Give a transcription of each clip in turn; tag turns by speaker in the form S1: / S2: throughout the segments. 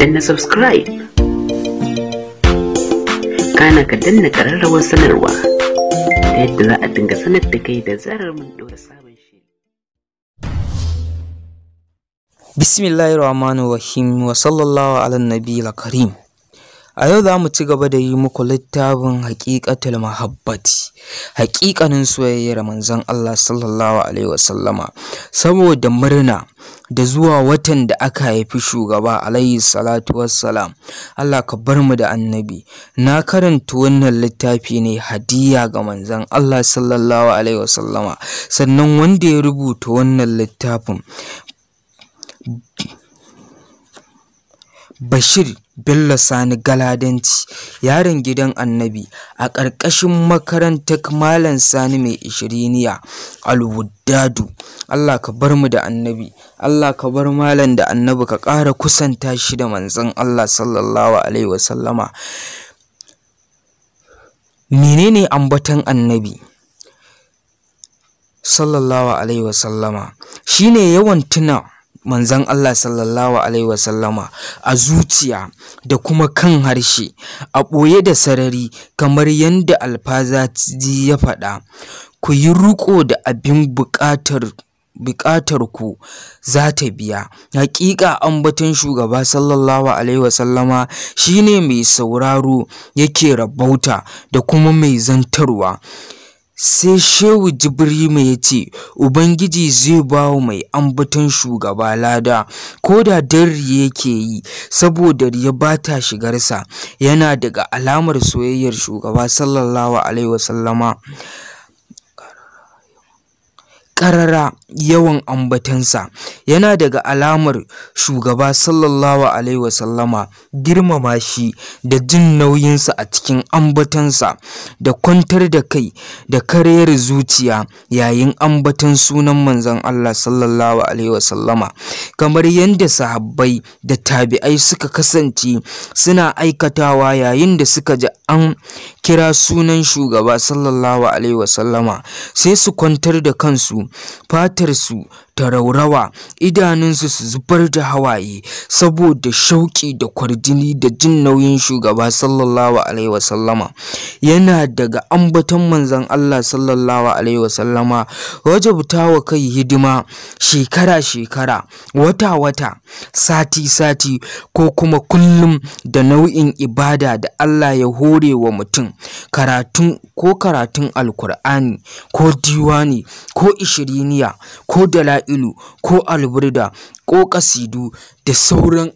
S1: danna subscribe kana ka danna kararrawar sanarwa ta yadda za a dinga sanar da kai da zarar mun ɗora sabon shi? bismillahir rahmanir rahim wa sallallahu ala nabi karim a yau za mu ci gaba da yi muku littafin haƙiƙatul mahabbati haƙiƙanin soyayyar manzon Allah sallallahu alaihi wasallama saboda murna da zuwa watan da aka haifi shugaba alayhi salatu wassalam Allah ka bar mu da annabi na karanta wannan littafi ne hadiya ga manzon Allah sallallahu alaihi wasallama sannan wanda ya rubuta wannan littafin Bashir Bello Sani Galadanci, yaron gidan Annabi, a ƙarƙashin makarantar Malam Sani mai ishiriniya Alwuddadu. Allah ka bar mu da Annabi, Allah ka bar Malam da Annabi ka ƙara kusanta shi da manzon Allah sallallahu alaihi wasallama. Menene ambaton Annabi? Sallallahu alaihi wasallama shine yawan tuna manzan Allah sallallahu alaihi wasallama a zuciya da kuma kan harshe a ɓoye da sarari kamar yadda alfazaji ya faɗa ku yi riƙo da abin buƙatar ku za ta biya haƙiƙa ambaton shugaba sallallahu alaihi wasallama shine mai sauraro yake rabauta da kuma mai zantarwa Sai Shehu Jibrimu ya ce, Ubangiji zai ba wa mai ambaton shugaba lada, ko da darri yake yi, saboda ya ba ta shigarsa, yana daga alamar soyayyar shugaba sallallahu Alaihi wasallama. ƙarara yawan ambatansa yana daga alamar shugaba sallallahu alaihi wasallama girmama shi da jin nauyinsa a cikin ambatansa da kwantar da kai da karayar zuciya yayin ambatan sunan manzon Allah sallallahu alaihi wasallama kamar yadda sahabbai da tabi'ai suka kasance suna aikatawa yayin da suka ji an kira sunan shugaba sallallahu alaihi wasallama sai su kwantar da kansu fatarsu ta raurawa idanunsu su zubar da hawaye saboda shauƙi da kwarjini da jin nauyin shugaba sallallahu alaihi wasallama yana daga ambaton manzon Allah sallallahu alaihi wasallama wajabtawa kai hidima shekara-shekara wata-wata sati-sati ko kuma kullum da nau'in ibada da Allah ya hore wa mutum karatun ko karatun alkur'ani ko diwani ko ishiriniya ko dala'ilu ko alburda ko kasidu da sauran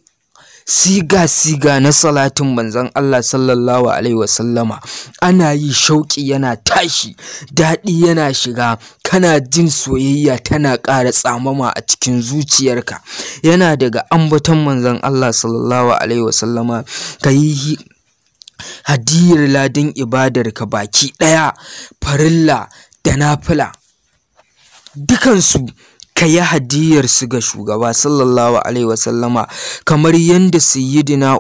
S1: siga-siga na salatin manzon Allah sallallahu alaihi wasallama ana yi shauƙi yana tashi daɗi yana shiga kana jin soyayya tana ƙara tsamama a cikin zuciyarka yana daga ambaton manzon Allah sallallahu alaihi wasallama ka yi hadiyar ladin ibadarka baki ɗaya farilla da nafila dukansu ka yi hadiyarsu ga shugaba sallallahu alaihi wasallama kamar yadda sayyidina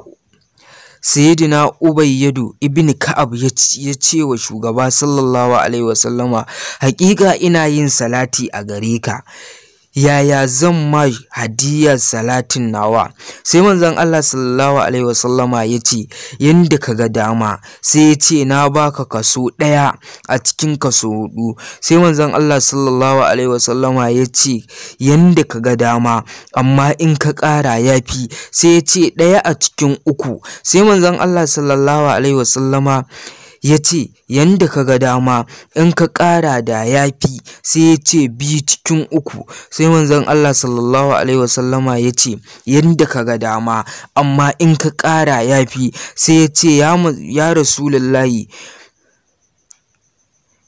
S1: sayyidina ubayyadu ibn ka'ab ya ce wa shugaba sallallahu alaihi wasallama haƙiƙa ina yin salati a gare ka yaya zan ma hadiyar salatin nawa sai manzon Allah sallallahu alaihi wasallama ya ce yadda ka ga dama sai ya ce na baka kaso ɗaya a cikin kaso hudu sai manzon Allah sallallahu alaihi wasallama ya ce yadda ka ga dama amma in ka ƙara ya fi sai ya ce ɗaya a cikin uku sai manzon Allah sallallahu alaihi wasallama ya ce yanda ka ga dama in ka ƙara da ya fi sai ya ce biyu cikin uku sai manzon Allah sallallahu alaihi wasallama ya ce yanda ka ga dama amma in ka ƙara ya fi sai ya ce ya rasulullahi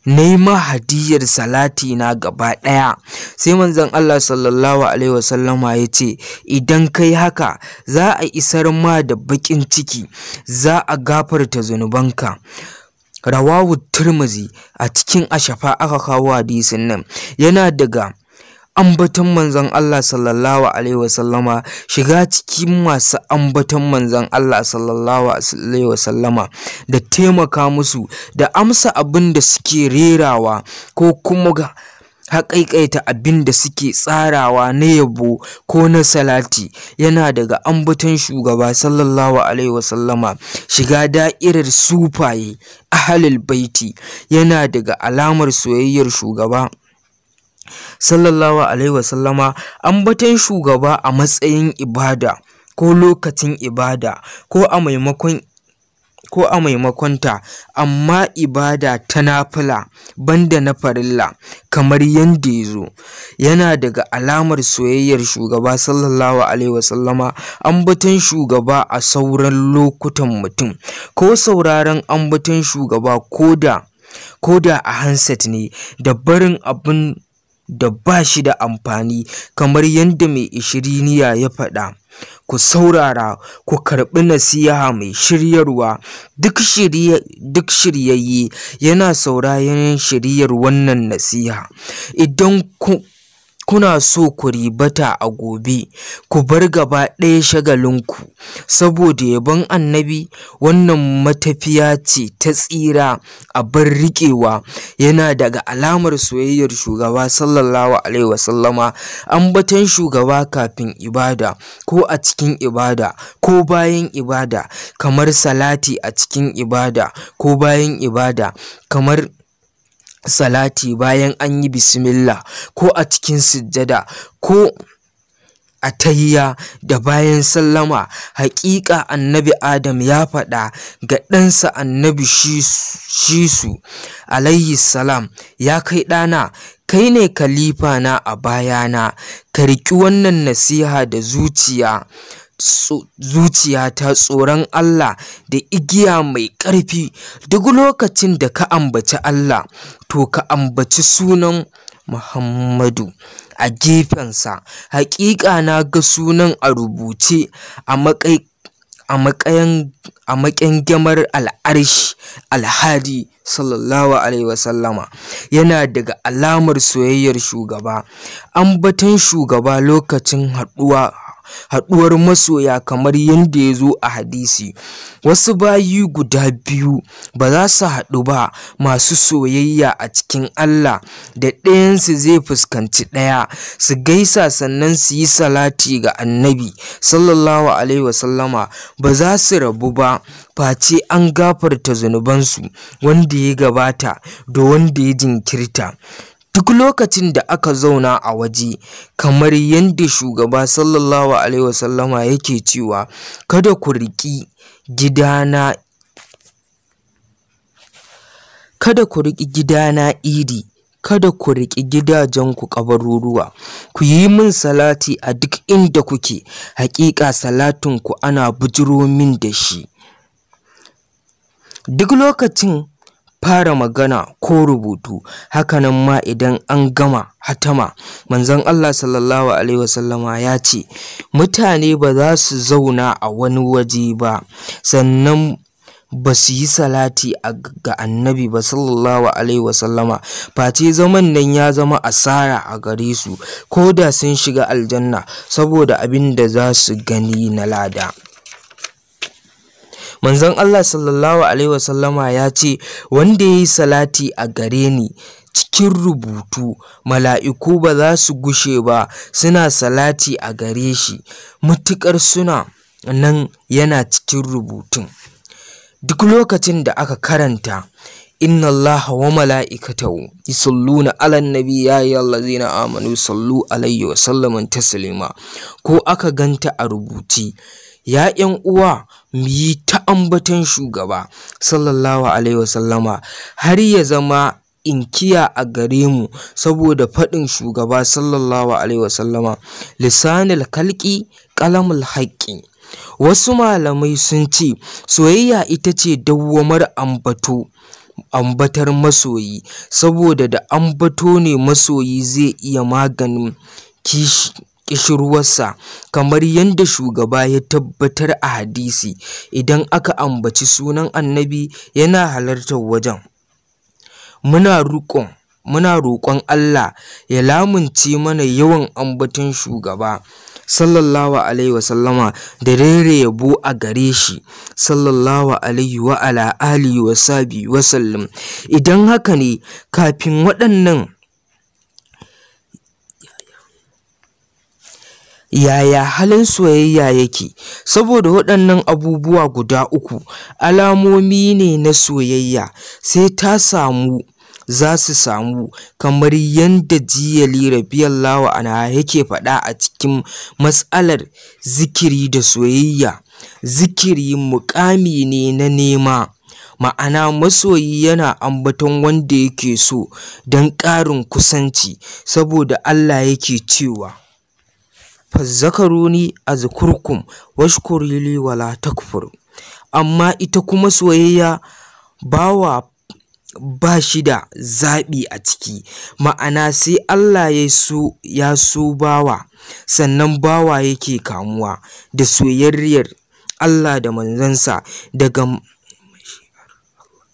S1: nema hadiyar salati na gaba ɗaya sai manzon Allah sallallahu alaihi wasallama ya ce idan kai haka za a isar ma da baƙin ciki za a gafarta zunubanka rawawu turmuzi a cikin ashafa aka kawo hadisin nan yana daga ambaton manzon Allah sallallahu alaihi wasallama shiga cikin masu ambaton manzon Allah sallallahu alaihi wasallama da taimaka musu da amsa abin da suke rerawa ko kuma haƙaiƙaita abin da suke tsarawa na yabo ko na salati yana daga ambaton shugaba sallallahu alaihi wasallama shiga da'irar sufaye ahalul baiti yana daga alamar soyayyar shugaba sallallahu alaihi wasallama ambaton shugaba a matsayin ibada ko lokacin ibada ko a maimakon ko a maimakonta amma ibada ta nafila banda na farilla kamar yadda ya zo yana daga alamar soyayyar shugaba sallallahu alaihi wasallama ambaton shugaba a sauran lokutan mutum ko sauraron ambaton shugaba koda koda a handset ne da barin abin da ba shi da amfani kamar yadda mai ishiriniya ya faɗa ku saurara ku karɓi nasiha mai shiryarwa duk duk shiryayye yana saurayin shiryar wannan nasiha idan ku kuna so ku ribata a gobe ku bar gaba ɗaya shagalinku saboda yabon annabi wannan matafiya ce ta tsira a bar riƙewa yana daga alamar soyayyar shugaba sallallahu alaihi wasallama batan shugaba kafin ibada ko a cikin ibada ko bayan ibada kamar salati a cikin ibada ko bayan ibada kamar salati bayan an yi bismillah ko a cikin sujjada ko a tayya da bayan sallama haƙiƙa annabi adam ya faɗa ga ɗansa annabi shisu alayhi salam ya kai ɗana kai ne kalifa na a bayana ka riƙi wannan nasiha da zuciya zuciyata tsoron Allah da igiya mai ƙarfi duk lokacin da ka ambaci Allah to ka ambaci sunan Muhammadu a gefensa haƙiƙa na ga sunan a rubuce a maƙai a al'arshi alhadi sallallahu alaihi wasallama yana daga alamar soyayyar shugaba ambaton shugaba lokacin haɗuwa haɗuwar masoya kamar yadda ya zo a hadisi wasu bayi guda biyu ba za su haɗu ba masu soyayya a cikin Allah da ɗayansu zai fuskanci ɗaya su gaisa sannan su yi salati ga annabi sallallahu alaihi wasallama ba za su rabu ba face an gafarta zunubansu wanda ya gabata da wanda ya jinkirta duk lokacin da aka zauna a waje kamar yadda shugaba sallallahu alaihi wasallama yake cewa kada ku riƙi gidana kada ku riƙi gidana idi kada ku riƙi gidajenku ƙabaruruwa ku yi min salati a duk inda kuke haƙiƙa salatinku ana bujiro min da shi duk lokacin fara magana ko rubutu hakanan ma idan an gama hatama manzon Allah sallallahu alaihi wasallama ya ce mutane ba za su zauna a wani waje ba sannan ba su yi salati ga annabi ba sallallahu alaihi wasallama face zaman nan ya zama asara a gare su ko da sun shiga aljanna saboda abin da za su gani na lada manzon Allah sallallahu alaihi wasallama ya ce wanda ya yi salati a gare ni cikin rubutu mala'iku ba za su gushe ba suna salati a gare shi matuƙar suna nan yana cikin rubutun duk lokacin da aka karanta inna الله wa يصلون على النبي nabi ya الذين amanu صلوا عليه wa sallaman taslima ko aka ganta a rubuci ya ‘yan uwa mu yi ta ambaton shugaba sallallahu alaihi wasallama har ya zama inkiya a gare mu saboda faɗin shugaba sallallahu alaihi wasallama lisanil kalki kalamul haƙƙi wasu malamai sun ce soyayya ita ce dawwamar ambato ambatar masoyi saboda da ambato ne masoyi zai iya maganin kishi ƙishirwarsa kamar yadda shugaba ya tabbatar a hadisi idan aka ambaci sunan annabi yana halartar wajen muna roƙon muna roƙon Allah ya lamunce mana yawan ambaton shugaba sallallahu alaihi wa sallama. da rere yabo a gare shi sallallahu alaihi wa ala alihi wa sabi wa sallam idan haka ne kafin waɗannan yaya halin soyayya yake saboda waɗannan abubuwa guda uku alamomi ne na soyayya sai ta samu za su samu kamar yadda jiyali lawa ana yake faɗa a cikin matsalar zikiri da soyayya zikiri mukami ne na nema ma'ana masoyi yana ambaton wanda yake so don ƙarin kusanci saboda Allah yake cewa fazzakaruni azkurkum washkurili wala takfur amma ita kuma soyayya bawa ba shi da zaɓi a ciki ma'ana sai Allah ya so ya so bawa sannan bawa yake kamuwa da soyayyar Allah da manzansa daga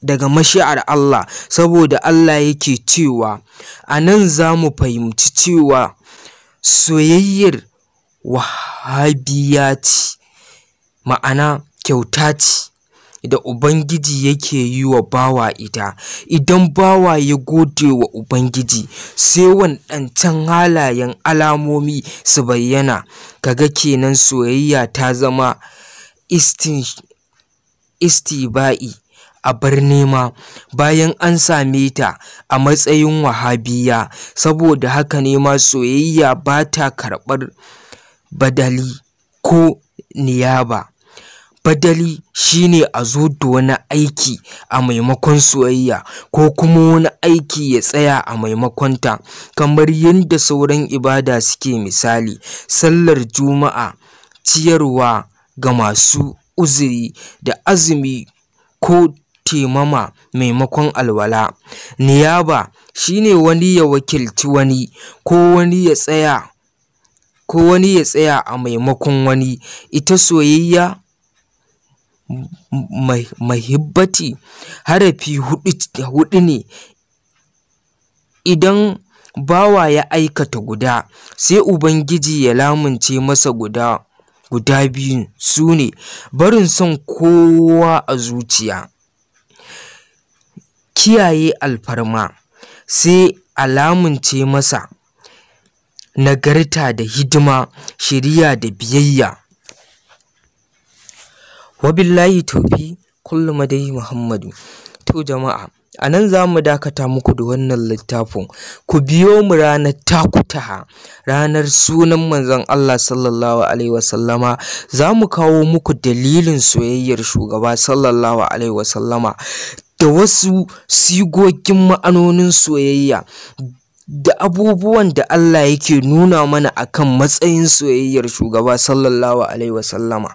S1: daga mashi'ar Allah saboda Allah yake cewa a nan za mu fahimci cewa soyayyar wahabiya ce ma'ana kyauta ce da Ubangiji yake yi wa bawa ita idan bawa ya gode wa Ubangiji sai wadancan halayen alamomi su bayyana kaga kenan soyayya ta zama istiba'i a bar nema bayan an same ta a matsayin wahabiya saboda haka nema soyayya ba ta karɓar badali ko niyaba badali shine a zo da wani aiki a maimakon soyayya ko kuma wani aiki ya tsaya a maimakonta kamar yadda sauran ibada suke misali sallar juma'a ciyarwa ga masu uzuri da azumi ko taimama maimakon alwala niyaba shine wani ya wakilci wani ko wani ya tsaya ko wani ya tsaya a maimakon wani ita soyayya mahibbati harafi hudu ne idan bawa ya aikata guda sai ubangiji ya lamunce masa guda guda biyun su ne barin son kowa a zuciya kiyaye alfarma sai a lamunce masa nagarta da hidima shiriya da biyayya wabillahi tofi kullum dai muhammadu to jama'a a nan za mu dakata muku da wannan littafin ku biyo mu ranar takutaha ranar sunan manzon Allah sallallahu alaihi wasallama za mu kawo muku dalilin soyayyar shugaba sallallahu alaihi wasallama da wasu sigogin ma'anonin soyayya da abubuwan da Allah yake nuna mana a kan matsayin soyayyar shugaba sallallahu alaihi wasallama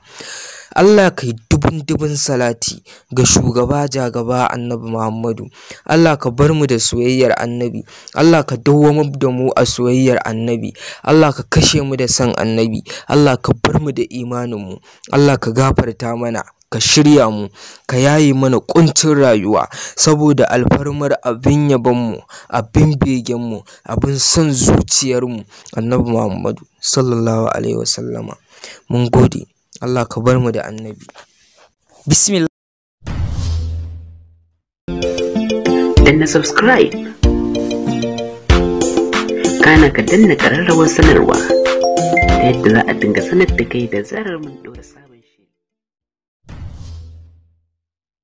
S1: Allah kai dubun dubun salati ga shugaba jagaba annabi Muhammadu Allah ka bar mu da soyayyar annabi Allah ka dawwamar da mu a soyayyar annabi Allah ka kashe mu da san annabi Allah ka bar mu da imanin mu Allah ka gafarta mana ka shirya mu ka yaye mana kuncin rayuwa saboda alfarmar abin yabonmu abin begenmu abin son zuciyarmu annabi muhammadu sallallahu alaihi wasallama mun gode allah ka bar mu da annabi bismillah danna subscribe kana ka danna ƙararrawar sanarwa ta yadda za a dinga sanar da kai da zarar mun ɗora